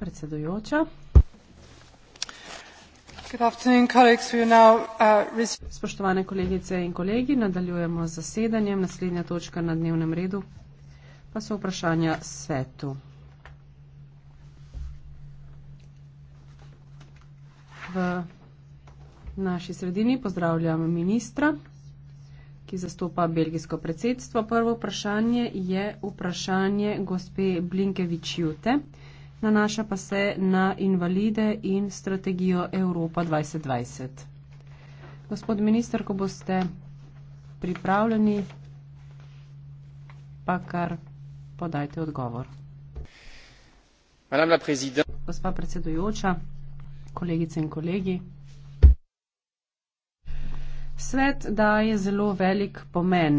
Predsedujoča. Uh, Spoštovane kolegice in kolegi, nadaljujemo z zasedanjem. Naslednja točka na dnevnem redu pa so vprašanja svetu. V naši sredini pozdravljam ministra ki zastopa belgijsko predsedstvo. Prvo vprašanje je vprašanje gospe Blinkevič Jute, nanaša pa se na invalide in strategijo Evropa 2020. Gospod minister, ko boste pripravljeni, pa kar podajte odgovor. Gospa predsedujoča, kolegice in kolegi svet daje zelo velik pomen.